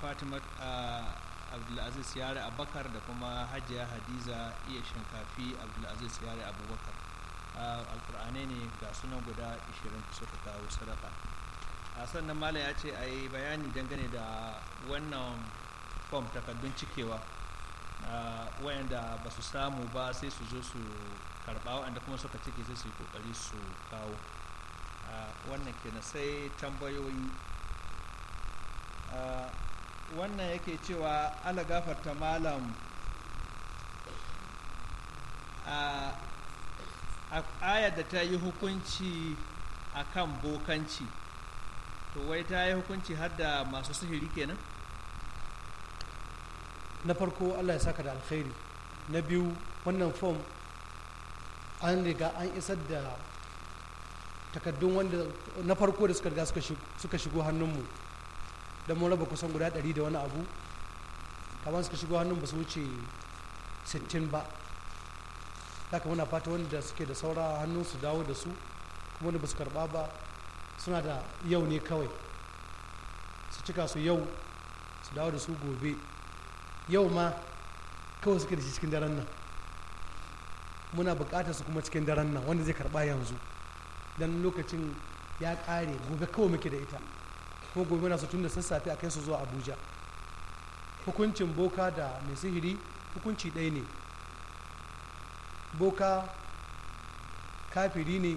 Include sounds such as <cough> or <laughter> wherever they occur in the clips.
fatima ah, abdulaziz yare abakar da kuma hajiya hadiza iya shinkafi abdulaziz yare abubakar ah, alkur'anai ne ga sunan guda 20 suka kawo sadaka a ah, sannan malam ya ce a yi bayani dangane da wannan fom takardun cikewa wayanda ba su samu ba sai su zo su karɓa wanda kuma suka cike sai su yi kokari su kawo wannan kenan sai tambayoyi wannan yake cewa ala gafarta malam a ayar da ta yi hukunci a kan bokanci to wai ta yi hukunci har da masu sihiri kenan na farko allah ya saka da alkhairi na biyu wannan fom an riga an isar da takaddun wanda na farko da suka riga suka shigo hannunmu don mu raba kusan guda ɗari da wani abu kamar suka shigo hannun ba su wuce sittin ba haka muna fata wanda suke da saura hannun su dawo da su kuma wanda ba su karba ba suna da yau ne kawai su cika su yau su dawo da su gobe yau ma kawai suke da shi cikin daren nan muna bukatar su kuma cikin daren nan wanda zai karba yanzu don lokacin ya kare gobe kawai muke da ita ko gobe na su tun da sassafe a kai su zuwa abuja hukuncin boka da mai sihiri hukunci ɗaya ne boka kafiri ne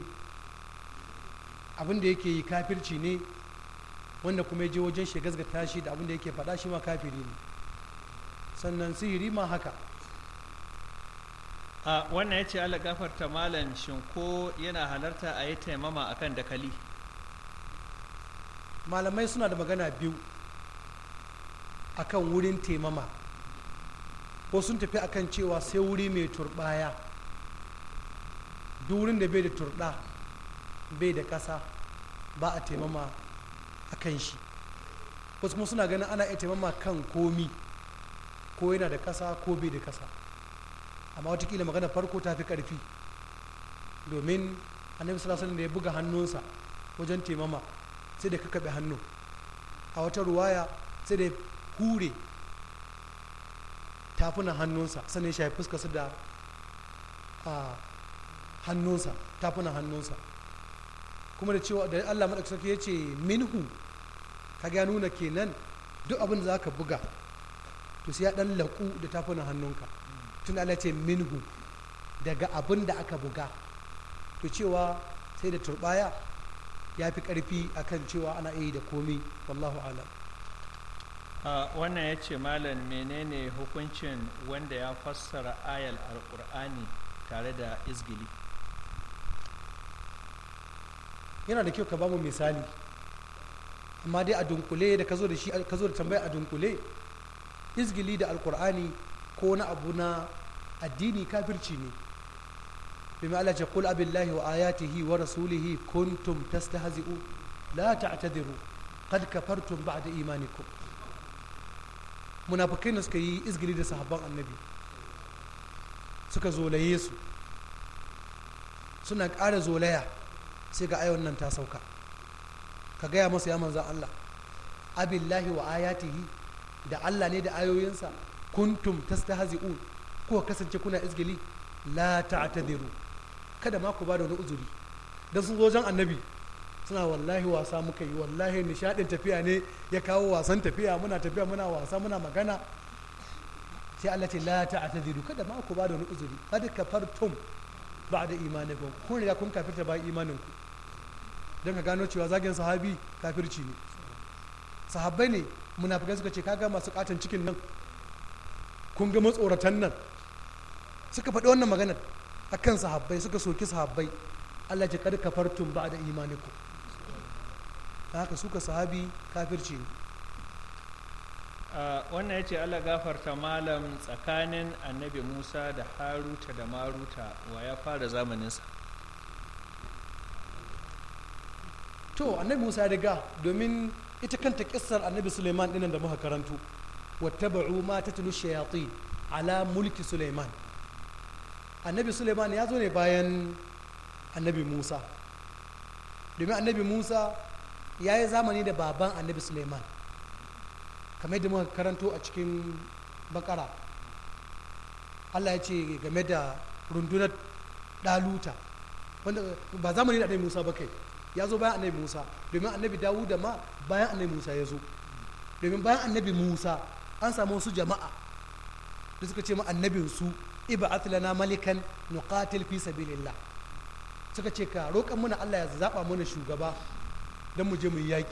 abinda yake yi kafirci ne wanda kuma je wajen shi gazgata shi da abinda yake faɗa shi ma kafiri ne sannan sihiri ma haka a wannan ya ce ala gafarta malam shinko yana halarta a yi taimama akan dakali malamai suna da magana biyu akan wurin taimama ko sun tafi akan cewa sai wuri mai turbaya durin da bai da turɗa bai da kasa ba a taimama a kan shi wasu kuma suna ganin ana iya taimama kan komi ko yana da ƙasa ko bai da ƙasa amma watakila magana farko ta fi ƙarfi domin annabi sallallahu da ya buga hannunsa wajen taimama sai da kakaɓe hannu a wata ruwaya sai da hure tafunan hannunsa sannan ya fuska fuskarsa da hannunsa tafunan hannunsa kuma da cewa da allah maɗauki sarki ya ce minhu ka ga nuna kenan duk abin da za ka buga to sai ya ɗan laƙu da tafunan hannunka tun allah ce minhu daga abin da aka buga to cewa sai da turbaya ya fi ƙarfi akan cewa ana iya da komi wallahu alam wannan ya ce malam menene hukuncin wanda ya fassara ayal alkur'ani tare da izgili yana da kyau ka bamu misali amma dai a dunkule da ka zo da shi ka zo da tambaya a dunkule izgili da alkur'ani ko na abu na addini kafirci ne domin Allah ce kul abillahi wa ayatihi wa rasulihi kuntum tastahzi'u la ta ta'tadiru qad kafartum ba'da imanikum munafikai ne suka yi izgili da sahabban annabi suka zolaye su suna kara zolaya sai ga ayon nan ta sauka ka gaya masa ya manzan Allah abin lahi wa ayatihi da Allah ne da ayoyinsa kuntum tastahzi'un ko kasance kuna izgili la ta'tadiru kada ma ku ba da wani uzuri don sun zo annabi suna wallahi wasa muka yi wallahi nishadin tafiya ne ya kawo wasan tafiya muna tafiya muna wasa muna magana sai Allah ce la ta'tadiru kada ma ku ba da wani uzuri kad kafartum ba da imanikum kun riga kun kafirta ba imanin ku don ka gano cewa zagin sahabi kafirci ne sahabbai ne munafikai suka ce kaga masu katan cikin nan kun ga matsoratan nan suka faɗi wannan maganar a kan sahabbai suka soki sahabbai Allah ji kada fartun ba da imaniku haka suka sahabi kafirci ne wannan ya ce Allah gafarta malam tsakanin annabi Musa da Haruta da Maruta wa ya fara zamaninsa to annabi Musa ya riga domin ita kanta kissar annabi Suleiman dinan da muka karanto wattaba'u ma tunu shayatin ala mulki Suleiman annabi suleiman ya zo ne bayan annabi musa domin annabi musa ya yi zamani da baban annabi suleiman kamar da muka karanto a cikin bakara allah ya ce game da rundunar daluta wanda ba zamani da annabi musa ba kai ya zo bayan annabi musa domin annabi dawu da ma bayan annabi musa ya zo domin bayan annabi musa an samu wasu jama'a da suka ce ma annabinsu ib'ath lana malikan nuqatil fi sabilillah suka ce ka roƙan muna Allah ya zaba mana shugaba don mu je mu yi yaƙi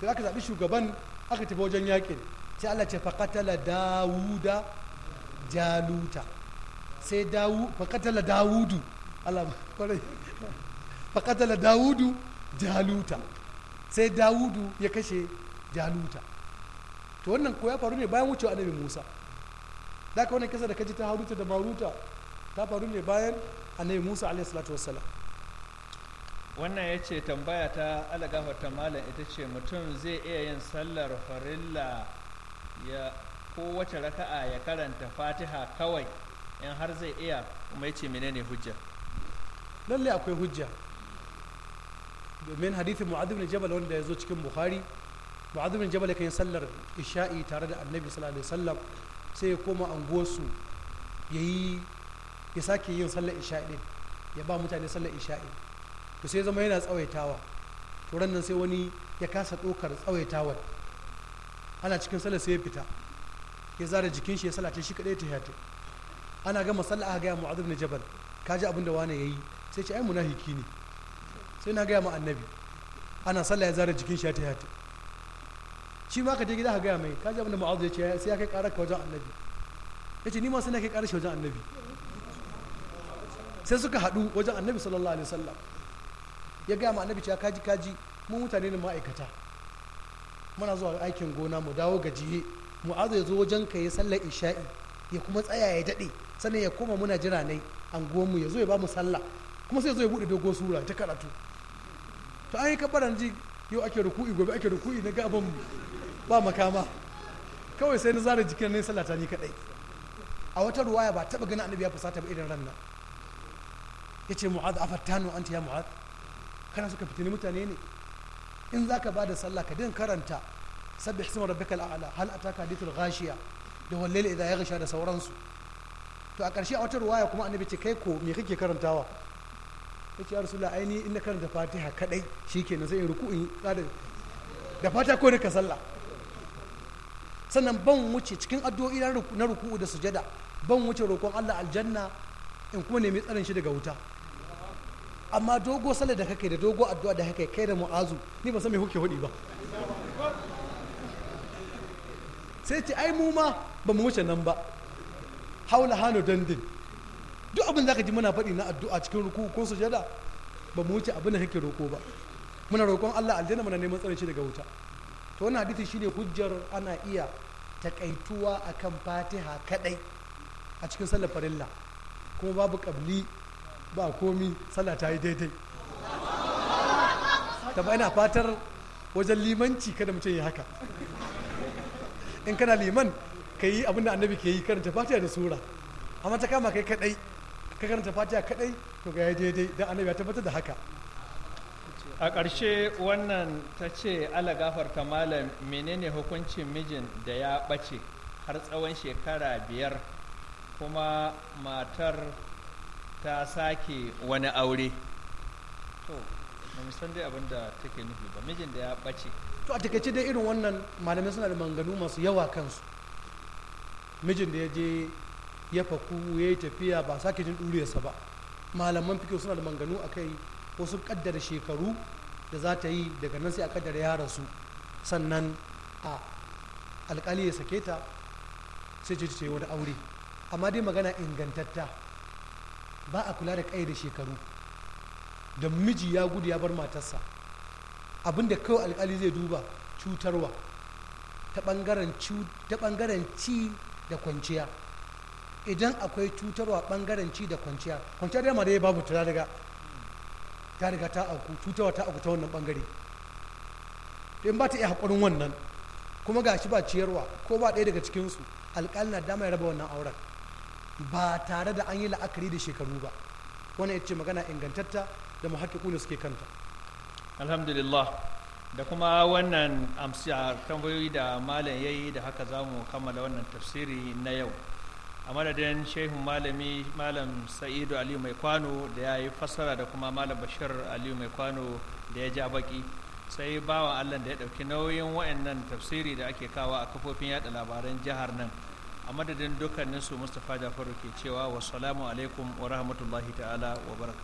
to aka zaɓi shugaban aka tafi wajen yaƙin sai Allah ce faƙatala dawuda jaluta sai dawu faƙatala dawudu Allah <laughs> faƙatala dawudu jaluta sai dawudu ya kashe jaluta to wannan ko ya faru ne bayan wucewa annabi Musa da ka wani kisa da kaji ta haruta da maruta ta faru ne bayan annabi musa alaihi salatu wassalam wannan ya ce tambaya ta alagafarta malam ita ce mutum zai iya yin sallar farilla ya kowace raka'a ya karanta fatiha kawai in har zai iya kuma ya ce menene hujja lalle akwai hujja domin hadithin mu'adhib bin jabal wanda ya zo cikin bukhari mu'adhib bin jabal kan yi sallar isha'i tare da annabi sallallahu alaihi wasallam sai ya koma anguwarsu ya yi ya sake yin sallar isha'i ya ba mutane sallar isha'i to sai zama yana tsawaitawa to nan sai wani ya kasa ɗaukar tsawaitawar ana cikin sallar sai ya fita ya zara jikin shi ya salata shi kaɗai ta yata ana gama sallar aka gaya mu'adhab na jabal ka ji abin da wani yi sai ce ai munafiki ne sai na gaya ma annabi ana sallar ya zara jikin shi ya ta yata shi ma ka je gida ka gaya mai ka ji abin da ya ce sai ya kai karar ka wajen annabi ya ce nima sai kai karar shi wajen annabi sai suka haɗu wajen annabi sallallahu alaihi wasallam ya gaya ma annabi cewa kaji kaji mun mutane ne ma'aikata muna zuwa aikin gona mu dawo gajiye mu'azu ya zo wajen ka ya sallar isha'i ya kuma tsaya ya daɗe sannan ya koma muna jira ne anguwanmu ya zo ya ba mu sallah kuma sai ya zo ya buɗe dogon sura ta karatu to an yi ji yau ake ruku'i gobe ake ruku'i na ga ba makama kawai sai na zara jikin na salata ni kadai a wata ruwaya ba taba ganin annabi ya fusata ba irin ranna yace mu'adh afattanu anta ya mu'adh kana suka fitini mutane ne in zaka bada sallah ka din karanta sabbih isma rabbikal a'la hal ataka hadithul ghashiya da wallahi idha yaghsha da sauransu to a ƙarshe a wata ruwaya kuma annabi ce kai ko me kake karantawa ya ce la aini ina da fatiha kadai shi ke na zai in ruku in da fata ko ka sallah sannan ban wuce cikin addu'o'i na ruku'u da sujada ban wuce roƙon allah aljanna in kuma nemi tsarin shi daga wuta amma dogo sallah da kake da dogo addu'a da kake kai da mu'azu ni ba san me kuke hudi ba sai ce ai mu ma ba mu wuce nan ba haula hano dandin duk abin zaka ji muna faɗi na addu'a cikin ruku ko sujada ba mu wuce abin da kake roko ba muna roƙon Allah aljanna muna neman tsare shi daga wuta to wannan hadisi shine hujjar ana iya takaituwa akan Fatiha kadai a cikin sallar farilla kuma babu qabli ba komi sallah ta yi daidai ta ba ina fatar wajen limanci kada mu ce yi haka in kana liman ka yi abin da annabi ke yi karanta fatiha da sura amma ta kama kai kadai ka karanta fatiha kadai to ga yayi daidai dan annabi ya tabbatar da haka a ƙarshe wannan ta ce ala gafarta malam menene hukuncin mijin da ya ɓace har tsawon shekara biyar kuma matar ta sake wani aure to na san dai abin da take nufi ba mijin da ya ɓace to a takaice dai irin wannan malamai suna da manganu masu yawa kansu mijin da ya je ya faku ya yi tafiya ba sake jin ɗuriyarsa ba malaman fikiyo suna da manganu a kai wasu kaddara shekaru da za ta yi daga nan sai a kaddara ya rasu sannan a alkali ya sake ta sai ce ce wani aure amma dai magana ingantatta ba a kula da da shekaru da miji ya gudu ya bar matarsa abinda kawai alkali zai duba cutarwa ta ɓangaren ci da kwanciya idan akwai cutarwa bangaren ci da kwanciya kwanciya dai ma babu ta daga ta riga ta auku cutarwa ta auku ta wannan bangare in ba ta iya haƙurin wannan kuma ga shi ba ciyarwa ko ba ɗaya daga cikinsu alƙalin na dama ya raba wannan auren ba tare da an yi la'akari da shekaru ba wani ya ce magana ingantatta da da suke kanta alhamdulillah da kuma wannan amsa tambayoyi da malam ya yi da haka za mu kammala wannan tafsiri na yau a madadin shehun malami malam sa'idu aliyu mai kwano da ya yi fassara da kuma malam bashir aliyu mai kwano da ya ja baki sai bawa allah da ya ɗauki nauyin wa'annan tafsiri da ake kawo a kafofin yada labaran jihar nan a madadin dukkaninsu mustapha jafaru ke cewa wasu alaikum wa rahmatullahi ta'ala wa baraka